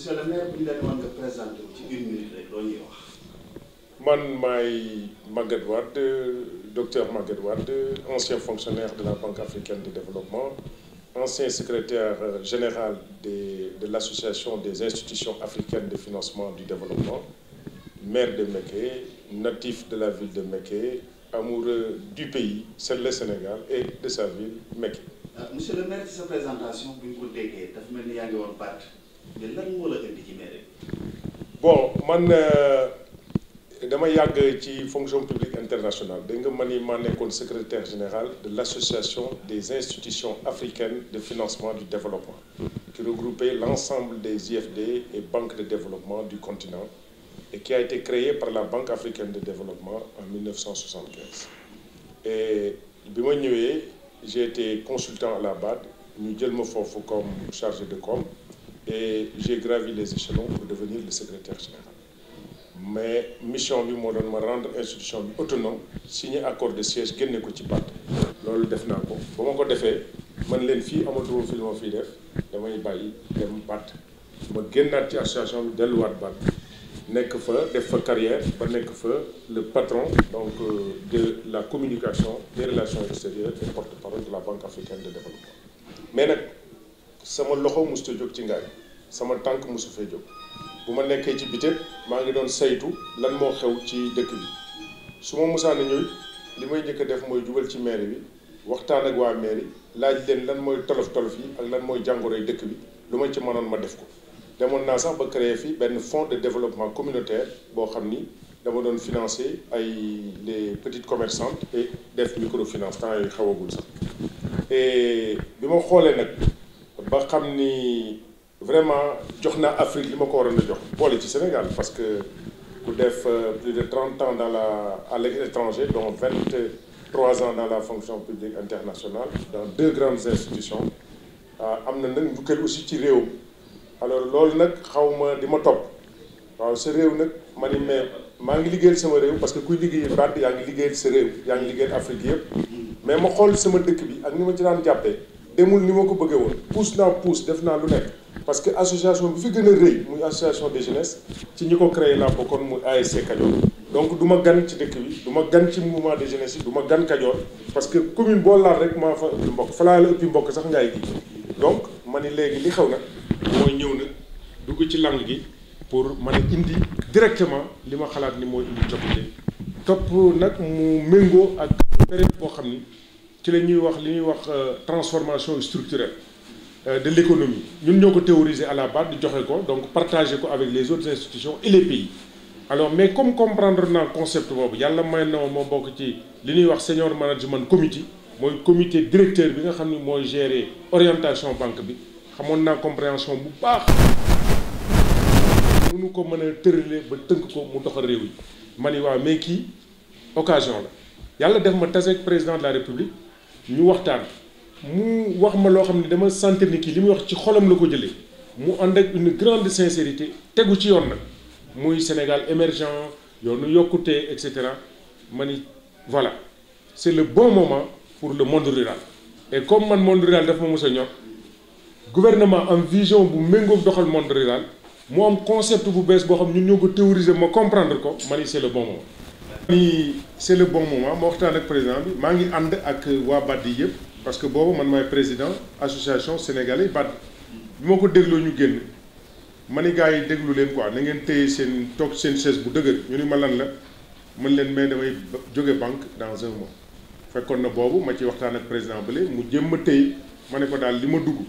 monsieur le maire bu ñu leen mën nga présenté ci une minute rek loo ñuy wax. man maay Maguette docteur Maguette ancien fonctionnaire de la Banque africaine de développement ancien secrétaire euh, général des de l'association des institutions africaines de financement du développement maire de Mékhé natif de la ville de Mékhé amoureux du pays c'est le Sénégal et de sa ville Mékhé. Euh, monsieur le maire ci sa présentation bu déggee dafa mel ni yaa ngi woon baat. mais lan la indi bon man euh, dama yàgg ci fonction publique internationale da nga ma ni maa nekkoon secretaire général de l'association des institutions africaines de financement du développement qui regroupait l'ensemble des IFD et banques de développement du continent et qui a été créée par la Banque africaine de développement en 1975 et bi ma ñëwee j'ai été consultant à la BAD ñu jël ma foofu comme chargé de com et j'ai gravi les échelons pour devenir le secrétaire général mais mission bi moo doon ma rendre institution bi autonome signer accord de siège génne ko ci batt loolu def naa ko ba ma ko defee man leen fii amatuma fi lu ma def damay bàyyi dem batt ma génnaat ci association bi delluwaat batt nekk fa def fa carrière ba nekk fa le patron donc euh, de la communication des relations extérieures et porte-parole de la Banque africaine de développement mais sama loxo musuta jóg ci ngaay sama tànk musu fee jóg bu ma nekkee ci bitim maa ngi doon saytu lan moo xew ci dëkk bi su ma musaana ñëw li may njëkk a def mooy jubal ci mairie bi waxtaan ak waa mairie laaj leen lan mooy tolof tolof yi ak lan mooy jàngoroy dëkk bi lu ma ci mënoon ma def ko demoon naa sax ba créer fii benn fonds de développement communautaire boo xam ni dama doon financé ay les petites commerçantes et def microfinance temps yooyu xawagul sax et ma xoolee nag ba xam ni vraiment jox naa Afrique li ma ko waroon a jox boole ci Sénégal parce que ku def euh, plus de trente ans dans la à l'étranger dont vingt trois ans dans la fonction publique internationale dans deux grandes institutions ah, am na nag njukkal aussi ci réew alors loolu nag xaw ma di ma topp waaw sa réew nag ma ni mais maa ngi liggéeyal sama réew parce que kuy liggéey baat yaa ngi liggéeyal sa réew yaa ngi liggéeyal Afrique yëpp mais ma xool sama dëkk bi ak ni ma ci daan jàppee demul ni ma ko bëggee woon pousse naa pouse def naa lu nekk parce que association bi fi gën a rëy muy association de jeunesse ci ñi ko créé laa bokkoon muy ASC Kajoor donc du ma gan ci dëkk bi du ma gan ci mouvement de jeunesse yi du ma gan Kajoor parce que commune boo laal rek maa fa ëppi mbokk fa laa donc ma ni léegi li xew nag mooy ñëw nag dugg ci langue gi pour mën a indi directement li ma xalaat ni mooy indi coppite topp nag mu méngoo ak période boo xam ni ci la ñuy wax li ñuy wax euh, transformation structurelle euh, de l'économie ñun ñoo ko théoriser à la base di joxe ko donc partager ko avec les autres institutions et les pays alors mais comme comprendre naa concept boobu yàlla may na moo bokk ci li ñuy wax senior management committee mooy comité directeur bi nga xam ni mooy gérer orientation banque bi xamoon naa compréhension bu baax nu ko mën a tërale ba tënk ko mu doxal réew yi ma ni waaw mais kii occasion la yàlla def ma tase président la république ñu waxtaan mu wax ma loo xam ne dama sentir ni kii li muy wax ci xolam la ko jële mu ànd ak une grande sincérité tegu ci yoon nag muy Sénégal émergent yoonu yokkute et cetera ma ni voilà c'est le bon moment pour le monde rural et comme man monde rural daf ma mos a ñor gouvernement am vision bu méngoog doxal monde rural mu am concept bu bees boo xam ñun ñëw ko théoriser ma comprendre ko ma ni c'est le bon moment ni c'est le bon moment ma waxtaan ak président bi maa ngi ànd ak waa BAD yi yëpp parce que boobu man maay président association sénégalais BAD bi ma ko dégloo ñu génn ma ni gars yi déglu leen quoi na ngeen téye seen toog seen bu dëgër ñu ni ma lan la mën leen mais damay jóge banque dans un mois fekkoon na boobu ma ci waxtaan ak président bële mu jëm ma téye ma ne ko daal li ma dugg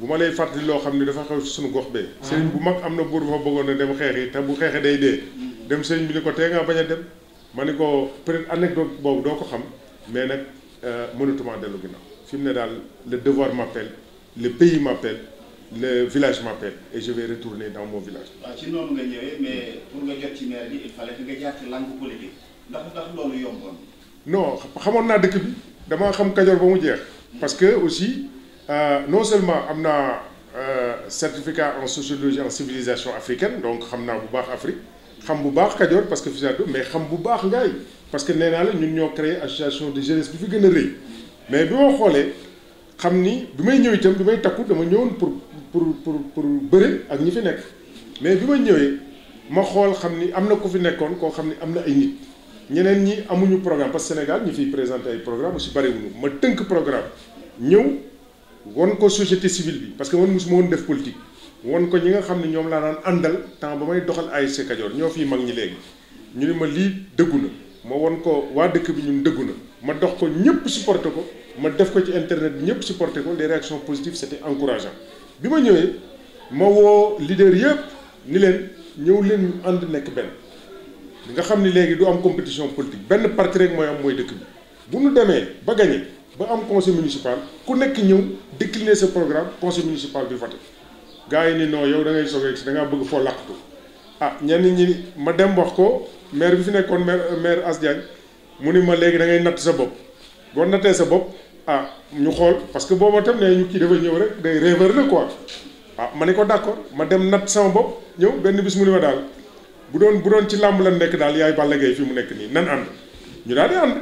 bu ma lay fàttali loo xam ne dafa xew suñu gox bee ah. sëñ bu mag am na buur dafa bëggoon na dem yi te bu xeexee day dee mm. dem sëriñ bi ni ko tee ngaa bañ a dem ma ni ko peut-être anecdote boobu doo ko xam mais nag euh, mënatuma dellu ginnaaw fi mu ne daal le devoir m'appelle le pays m'appelle le village m'appelle et je vais retourner dans mon village. waaw ci noonu nga ñëwee mais pour nga jot ci maire bi il fallait que nga jaar ci langue politique ndax ndax loolu yomboon. non xamoon naa dëkk bi damaa xam Kajoor ba mu jeex. parce que aussi euh, non seulement am naa euh, certificat en sociologie en civilisation africaine donc xam naa bu baax Afrique. xam bu baax Kajoor parce que Foussata mais xam bu baax Ngaye parce que nee naa la ñun ñoo créé association de jeunesse bi fi gën a rëy mais bi ma xoolee xam ni bi may ñëw itam bi may takku dama ñëwoon pour pour pour pour bëre ak ñi fi nekk mais bi ma ñëwee ma xool xam ni am na ko fi nekkoon koo xam ni am na ay nit ñeneen ñi amuñu programme parce que Sénégal ñu fiy présenté ay programme aussi bëriwuñu ma tënk programme ñëw won ko société civile bi parce que man mosuma woon def politique. won ko ñi nga xam ne ñoom laa daan àndal temps ba may doxal ASC Kajoor ñoo fii mag ñi léegi ñu ne ma lii dëggu na ma won ko waa dëkk bi ñun dëggu na ma dox ko ñëpp supporté ko ma def ko ci internet bi ñëpp supporté ko les réactions positives te encourageant bi ma ñëwee ma woo leader yëpp ni leen ñëw leen ñu ànd nekk benn nga xam ni léegi du am compétition politique benn parti rek mooy am mooy dëkk bi bu ñu demee ba gagné ba am conseil municipal ku nekk ñëw décliner ce programme conseil municipal bi voté gars yi ni non yow da ngay soog a si da ngaa bëgg foo làqatu ah ñenn ñi ma dem wax ko maire bi fi nekkoon maire maire As Diagne mu ni ma léegi da ngay natt sa bopp boo nattee sa bopp ah ñu xool parce que booba tam ne ñu kii dafa ñëw rek day rêveur la quoi ah ma ne ko d'accord ma dem natt sama bopp ñëw benn bis mu ni ma daal bu doon bu doon ci làmb la nekk daal yaay Balla Gaye fi mu nekk nii nan ànd ñu daal di ànd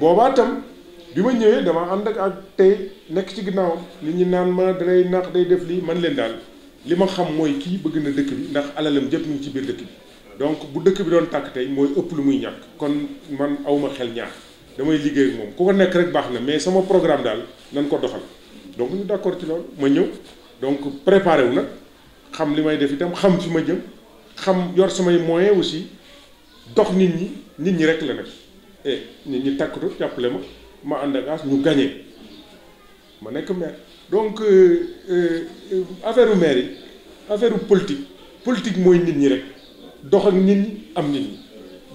boobaa tam bi ma ñëwee dama ànd ak ak nekk ci ginnaawam nit ñi naan ma dalay naax day def lii man leen daal li ma xam mooy kii bëgg na dëkk bi ndax alalam jëpp ñu ngi ci biir dëkk bi donc bu dëkk bi doon tàkk tey mooy ëpp lu muy ñàkk kon man awma xel ñaax damay liggéey moom ku ko nekk rek baax na mais sama programme daal nan ko doxal donc ñu d'accord ci loolu ma ñëw donc préparé na xam li may def itam xam fi ma jëm xam yor samay moyens aussi dox nit ñi nit ñi rek la nag eh nit ñi tàkkatu jàppale ma ma ànd ak as ñu ma nekk maire donc euh, euh, affaire maire yi affaire politique politique mooy nit ñi rek dox ak nit ñi am nit ñi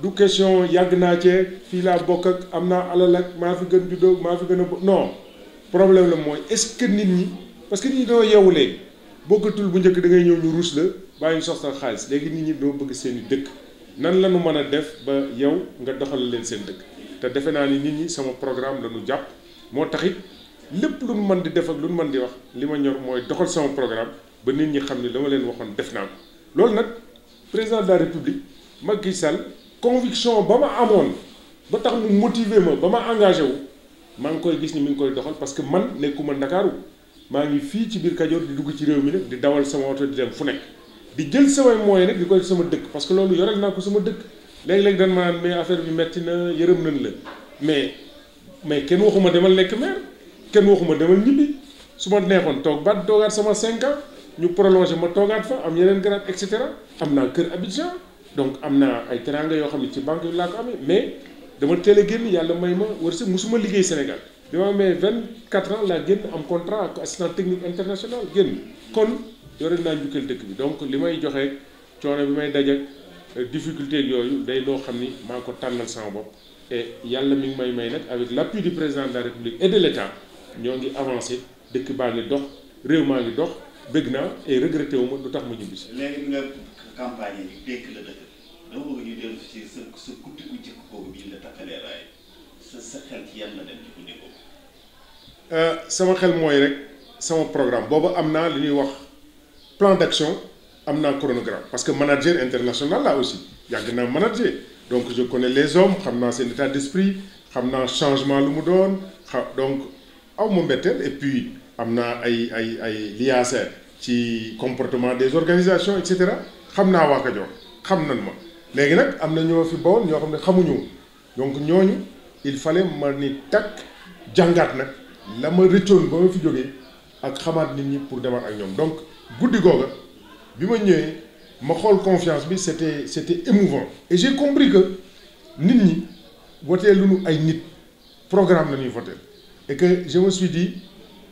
du question yàgg naa cee fii laa bokk ak am naa alal ak maa fi gën juddoo maa fi gën a no problème la mooy est nit ñi parce que nit ñi dañoo yeewu léegi bokkatul bu njëkk da ngay ñëw ñu ruus la bàyyi ñu soxla xaalis léegi nit ñi doo bëgg seeni dëkk nan la ñu mën a def ba yow nga doxal leen seen dëkk te defe naa ni nit ñi sama programme la ñu jàpp moo taxit lépp lu man di def ak lu man di wax li ma ñor mooy doxal sama programme ba nit ñi xam ne la ma leen waxoon def naa ko loolu nag président de la république Macky Sall conviction ba ma amoon ba tax mu motiver ma ba ma engagé wu maa ngi koy gis ni mu ngi koy doxal parce que man nekkuma Ndakaaru maa ngi fii ci biir Kajoor di dugg ci réew mi nag di dawal sama oto di dem fu nekk di jël samay moyens nag di koy sama dëkk parce que loolu yoreel naa ko sama dëkk léeg-léeg dañ ma naan mais affaire bi metti na yërëm nañ la mais mais kenn waxuma demal nekk maire kenn waxuma demal ñibbi su ma neexoon toog ba toogaat sama cinq ans ñu prolongé ma toogaat fa am yeneen grade et cetera am naa kër Abidjan donc am naa ay teranga yoo xam ne ci banque yi laa amee mais dama teel a génn may ma wërsëg musuma liggéey Sénégal bi ma amee vingt quatre ans laa génn am contrat ak assistant technique international génn kon yore naa njukkal dëkk bi donc li may joxe coono bi may dajak euh, difficulté yooyu day loo xam ni maa ko tànnal sama bopp et yàlla mi ngi may may nag avec l' appui du président de la république et de l' état ñoo ngi avancé dëkk baa ngi dox réew maa ngi dox bëgg naa et regretté wu ma lu tax ma ñibbi si. léegi sa sa guddi gu njëkk boobu la takkalee sa sa xel ci yan la dem ci guddi euh, sama xel mooy rek sama programme boobu am naa li ñuy wax plan d'action am naa chronogramme parce que manager international là aussi yàgg naa manager donc je connais les hommes xam naa seen état d'esprit xam naa changement lu mu doon xa donc. aw ma mbetteel et puis am naa ay ay ay liaaseel ci comportement des organisations et xam naa waa Kajoor xam nan ma léegi nag am na ñoo fi bawoon ñoo xam ne xamuñu donc ñooñu il fallait ma ni takk jàngaat nag la ma rëccoon ba ma fi jógee ak xamaat nit ñi pour demaat ak ñoom donc guddi googa bi ma ñëwee ma xool confiance bi c'était c'était émouvant et j'ai compris que nit ñi wotee lu ñu ay nit programme la ñuy voté et que je me suis dit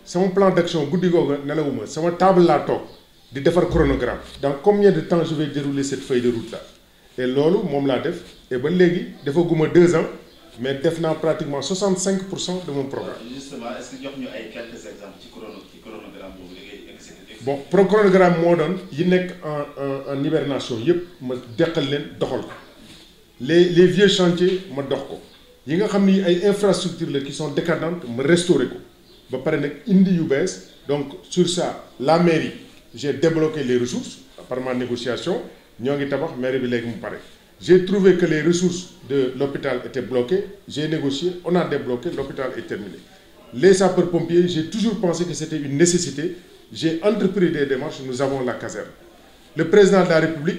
sama plan d'action guddi googu nelawuma sama table laa toog di defar chronogramme dans comme de temps je vais dérouler cette feuille de loolu moom laa def et ba léegi defaguma deux ans mais def naa pratiquement 65 pour cent de mon programme. Euh, justement est ay quelques exemples ci chrono bon pro moo doon yi nekk en en hibernation yëpp ma deqal leen doxal ko les les vieux chantiers ma dox ko. yi nga xam ni ay infrastructures la qui sont décadentes ma restaurer ko ba pare nag indi yu bees donc sur ça la mairie j'ai débloqué les ressources par ma négociation ñoo ngi tabax mairie bi léegi mu pare j'ai trouvé que les ressources de l'hôpital étaient bloquées j'ai négocié on a débloqué l'hôpital est terminé les sapeurs-pompiers j'ai toujours pensé que c'était une nécessité j'ai entrepris des démarches nous avons la caserne le président de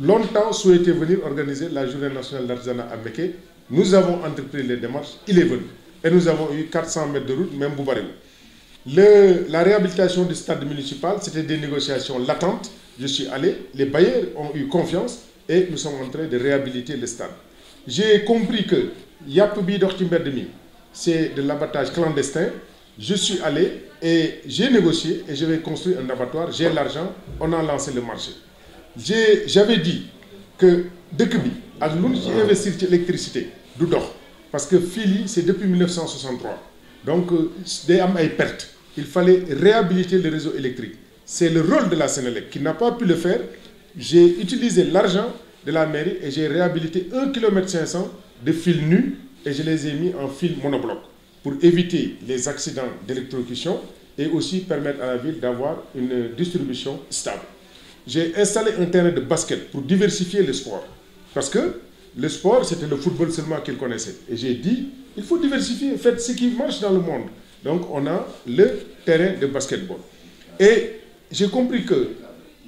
longtemps souhaité venir organiser la journée nationale d'artisanat à Mékhé nous avons entrepris les démarches il est venu et nous avons eu 400 mètres de route même bu bariwul le la réhabilitation du stade municipal c'était des négociations latentes je suis allé les bailleurs ont eu confiance et nous sommes en train de réhabiliter le stade j'ai compris que yàpp bi dox ci mbedd mi c'est de l'abattage clandestin je suis allé et j'ai négocié et je vais construire un abattoir j'ai l'argent on le marché j'ai j'avais dit que dëkk bi ak lu ñu ci investir électricité du dox parce que fil yi c'est depuis 1963 donc day am ay pertes il fallait réhabiliter le réseau électrique c'est le rôle de la Sénélec qui n'a pas pu le faire j'ai utilisé l'argent de la mairie et j'ai réhabilité un kilomètre cinq cents de fil nu et je les ai mis en fil monobloc pour éviter les accidents d'électrocution et aussi permettre à la ville d'avoir une distribution stable j'ai installé un terrain de basket pour diversifier le sport. Parce que le sport, c'était le football seulement qu'ils connaissaient. Et j'ai dit, il faut diversifier, faites ce qui marche dans le monde. Donc on a le terrain de basketball. Et j'ai compris que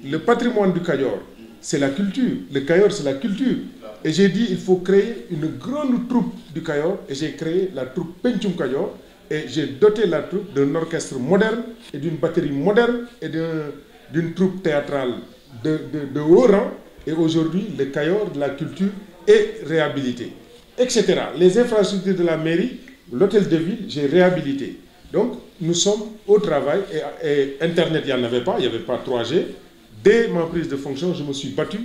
le patrimoine du Cayor, c'est la culture. Le Cayor, c'est la culture. Et j'ai dit, il faut créer une grande troupe du Cayor. Et j'ai créé la troupe Penchum Cayor. Et j'ai doté la troupe d'un orchestre moderne et d'une batterie moderne et d'une troupe théâtrale de, de, de haut rang, et aujourd'hui, le Cayor de la culture est réhabilité, etc. Les infrastructures de la mairie, l'hôtel de ville, j'ai réhabilité. Donc, nous sommes au travail, et, et Internet, il n'y en avait pas, il n'y 3G. Dès ma prise de fonction, je me suis battu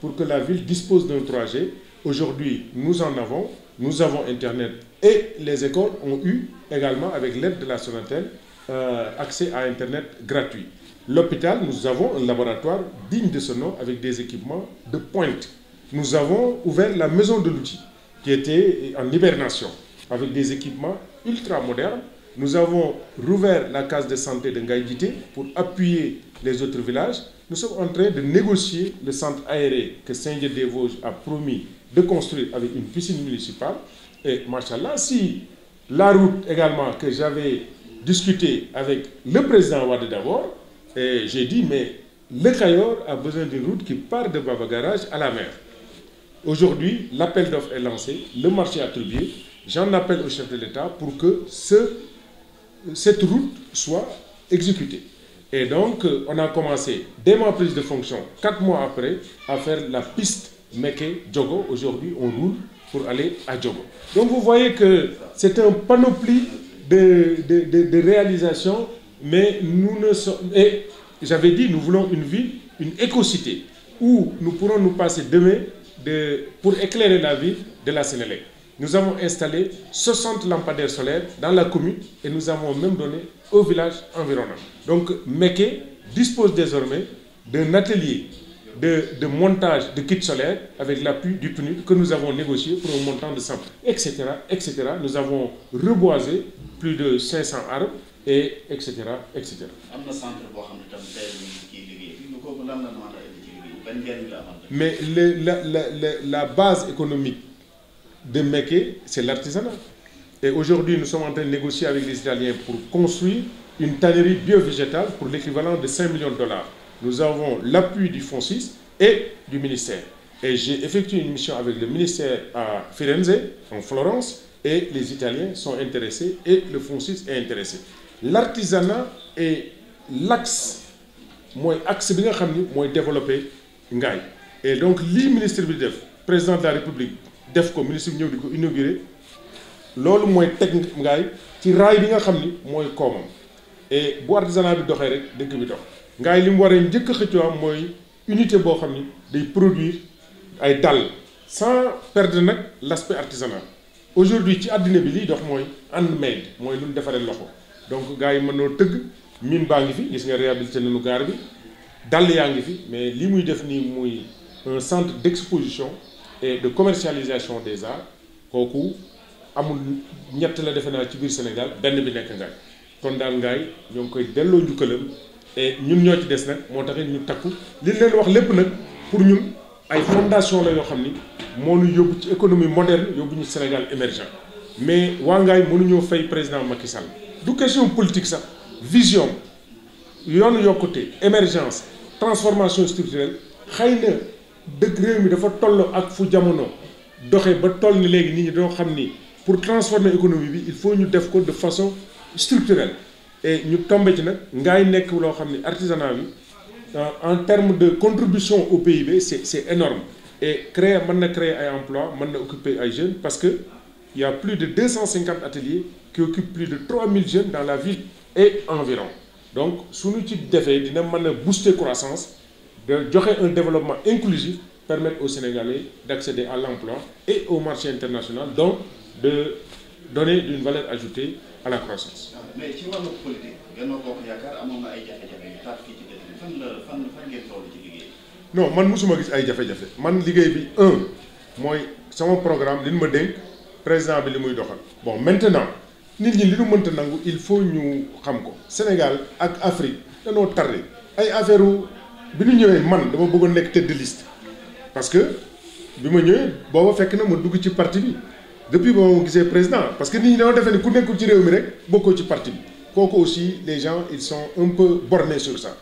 pour que la ville dispose d'un 3G. Aujourd'hui, nous en avons, nous avons Internet, et les écoles ont eu également, avec l'aide de la Sonatelle, euh, accès à Internet gratuit. L'hôpital, nous avons un laboratoire digne de ce nom avec des équipements de pointe. Nous avons ouvert la maison de l'outil qui était en hibernation avec des équipements ultra modernes. Nous avons rouvert la case de santé de Ngaïdité pour appuyer les autres villages. Nous sommes en train de négocier le centre aéré que Saint-Dié-des-Vosges a promis de construire avec une piscine municipale. Et machallah, si la route également que j'avais discutée avec le président Wade d'abord, Et j'ai dit, mais le Cayor a besoin d'une route qui part de Baba Garage à la mer. Aujourd'hui, l'appel d'offres est lancé, le marché attribué. J'en appelle au chef de l'État pour que ce, cette route soit exécutée. Et donc, on a commencé, des ma prise de fonction, quatre mois après, à faire la piste Meke-Djogo. Aujourd'hui, on roule pour aller à Djogo. Donc, vous voyez que c'est un panoplie de, réalisation mais nous ne sommes... Et j'avais dit, nous voulons une ville, une écocité, où nous pourrons nous passer demain pour éclairer la ville de la Sénélec. Nous avons installé 60 lampadaires solaires dans la commune et nous avons même donné au village environnant. Donc Meké dispose désormais d'un atelier de, de, montage de kits solaires avec l'appui du PNUD que nous avons négocié pour un montant de 100, etc., etc. Nous avons reboisé plus de 500 arbres et et cetera et am na centre boo xam ne tam tey ciy liggéey la mën a indi ci liggéey ban njëriñ la mais la la la la base économique de Mékhé c'est l'artisanat et aujourd'hui nous sommes en train de négocier avec les Italiens pour construire une tannerie biovégétale pour l'équivalent de 5 millions de dollars nous avons l'appui du FONSIS et du ministère et j'ai effectué une mission avec le ministère à Firenze en Florence et les Italiens sont intéressés et le FONSIS est intéressé l'artisanat est l'axe mooy axe bi nga xam ni mooy développer Ngaye et donc lii ministre bi def président de la république def ko ministre bi ñëw di ko inauguré loolu mooy teg Ngaye ci raay bi nga xam ni mooy koomam et bu artisanat bi doxee rek dëkk bi dox Ngaye li mu waree njëkk a xëccoo am mooy unité boo xam ni day produire ay dàll sans perdre nag l'aspect artisanal aujourd'hui ci àddina bi liy dox mooy handmade mooy lu ñu defaree loxo donc gars yi mën noo tëgg mine baa ngi fi gis nga réhabilité nañu gaar bi dàll yaa ngi fi mais li muy def nii muy un centre d'exposition de commercialisation des arts kooku amul ñett la defe naa ci biir Sénégal benn bi nekk ngaay kon daal ngaay ñoo ngi koy delloo njukkalam et ñun ñoo ci des nag moo taxit ñu takku li leen wax lépp nag pour ñun ay fondation la yoo xam ni moo ñu yóbbu ci économie moderne yóbbu ñu Sénégal émergent mais waa ngaay mënuñoo fay président Macky Sall du question politique sax vision yoonu yokkute émergence transformation structurelle xëy na dëkk réew mi dafa tolloo ak fu jamono doxee ba toll ni léegi nit ñi doo xam ni pour transformer économie bi il faut ñu def ko de façon structurelle et ñu tombe ci nag ngay nekk loo xam ni artisanat bi euh, en termes de contribution au PIB c'est c'est énorme et créer mën na créer ay emploi mën na occuper ay jeunes parce que il y plus de deux cent cinquante ateliers qui occupe plus de 3000 jeunes dans la ville et environ donc su suñu ci defee dina man a booster croissance de joxe un développement inclusif permettre aux Sénégalais d'accéder à l'emploi et au marché international donc de donner une valeur ajoutée à la croissance. mais ci wàllu politique Benno Bokk Yaakaar amoon na ay man mosuma gis ay jafe-jafe man liggéey bi un mooy sama programme li ñu ma dénk président bi li muy doxal bon maintenant. nit ñi li ñu mënta nangu il faut ñu xam ko Sénégal ak Afrique danoo tardé ay affaire bi ñu ñëwee man dama bëggoon nekk tête de parce que bi ma ñëwee booba fekk na ma dugg ci parti bi depuis ba ma gisee président parce que nit ñi dañoo defee ni ku nekkul ci réew mi rek bokkoo ci parti bi kooku aussi les gens ils sont un peu bornés sur ça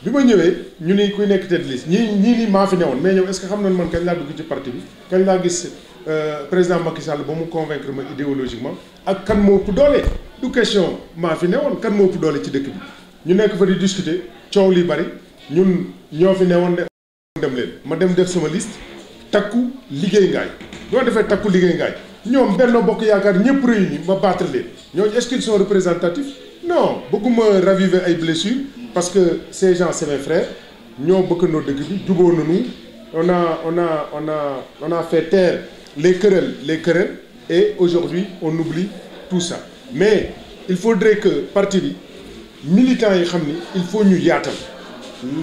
bi ma ñëwee ñu ni kuy nekk tête de liste ñii ñii maa fi newoon mais ñoom est-ce que xam nañ man kañ laa dugg ci parti bi laa gis. Euh, président Macky Sall ba mu convaincre ma idéologiquement ak kan moo ëpp doole du question maa fi newoon kan moo ëpp doole ci dëkk bi ñu nekk fa di discuter coow li bari ñun ñoo fi newoon ne dem leen ma dem def sama liste takku liggéey ngaay doo defee takku liggéey ngaay ñoom benn Bokk Yaakaar ñëpp réunis ma battre leen ñooñu est-ce qu'ils sont représentatifs non bëgguma raviver ay blessures parce que ces gens c'est mes frères ñoo bëkkandoo dëkk bi juboo nañu on a on a on a fait taire les querelles, les querelles, et aujourd'hui on oublie tout ça mais il faudrait que parti bi militants yi xam ni il faut ñu yaatal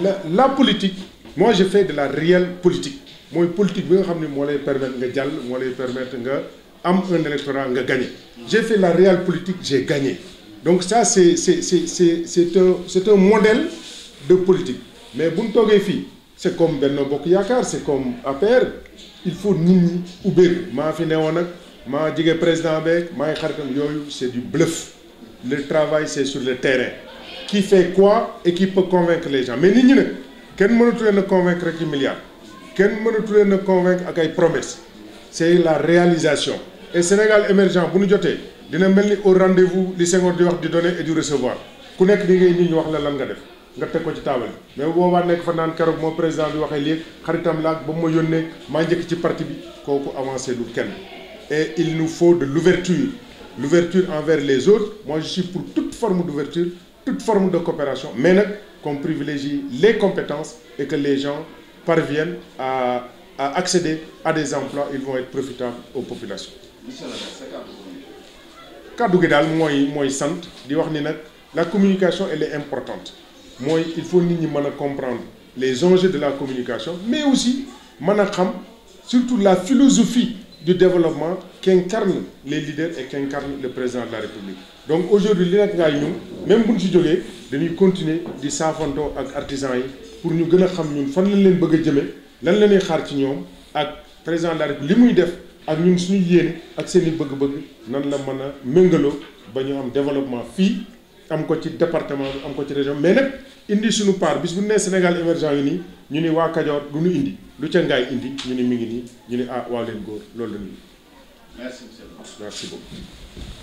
la la politique moi je fais de la réelle politique mooy politique bi nga xam ni moo lay permettre nga jàll moo lay permettre nga am un électorat nga gagné j'ai fait la réelle politique j'ai gagné donc ça c'est c'est c'est c'est c'est un c'est modèle de politique mais bu mu toogee fii c'est comme Benno Bokk Yaakaar c'est comme APR il faut nit ñi ubbeeku maa fi newoon nag maa jige président beeg maa ngi xaritam yooyu c'est du bluff le travail c'est sur le terrain qui fait quoi et qui peut mais nit ñi nag kenn mënatu leen a convaincre ak milliards kenn mënatu leen a convaincre ak ay promesses c'est la réalisation et Sénégal émergent bu ñu jotee dina mel ni au rendez-vous li Senghor di wax di donner et du recevoir ku nekk di ngay nit ñu wax la lan nga def nga teg ko ci taabal mais bu boobaa nekk fa naan keroog moo président bi waxee léegi xaritam laak ba mu ma yónnee maa njëkk ci parti bi kooku avancer lu kenn et il nous faut de l'ouverture l'ouverture envers les autres moi je suis pour toute forme d'ouverture toute forme de coopération mais nag qu'on privilégie les compétences et que les gens parviennent à à accéder à des emplois ils vont être profitables aux populations kàddu gi daal mooy mooy sant di wax ni nag la communication elle est importante mooy il faut nit ñi mën a comprendre les enjeux de la communication mais aussi mën a xam surtout la philosophie du développement qu'incarnent les leaders et qu'incarne le président de la République donc aujourd'hui li nekk ngaay ñun même buñ si jógee dañuy continuer di saafandoo ak artisans yi pour ñu gën a xam ñun fan lañ leen bëgg a jëme lan la ñuy xaar ci ñoom ak président de la République li muy def ak ñun suñu yéene ak seen i bëgg-bëgg nan la mën a méngaloo ba ñu développement fii am ko ci département bi am ko ci région mais nag indi suñu part bis bu nee Sénégal émergent yi nii ñu ni waa Kajoor du ñu indi lu ca ngaay indi ñu ni mi ngi nii ñu ni ah waa leen góor loolu la ñuy. merci monsieur merci beaucoup.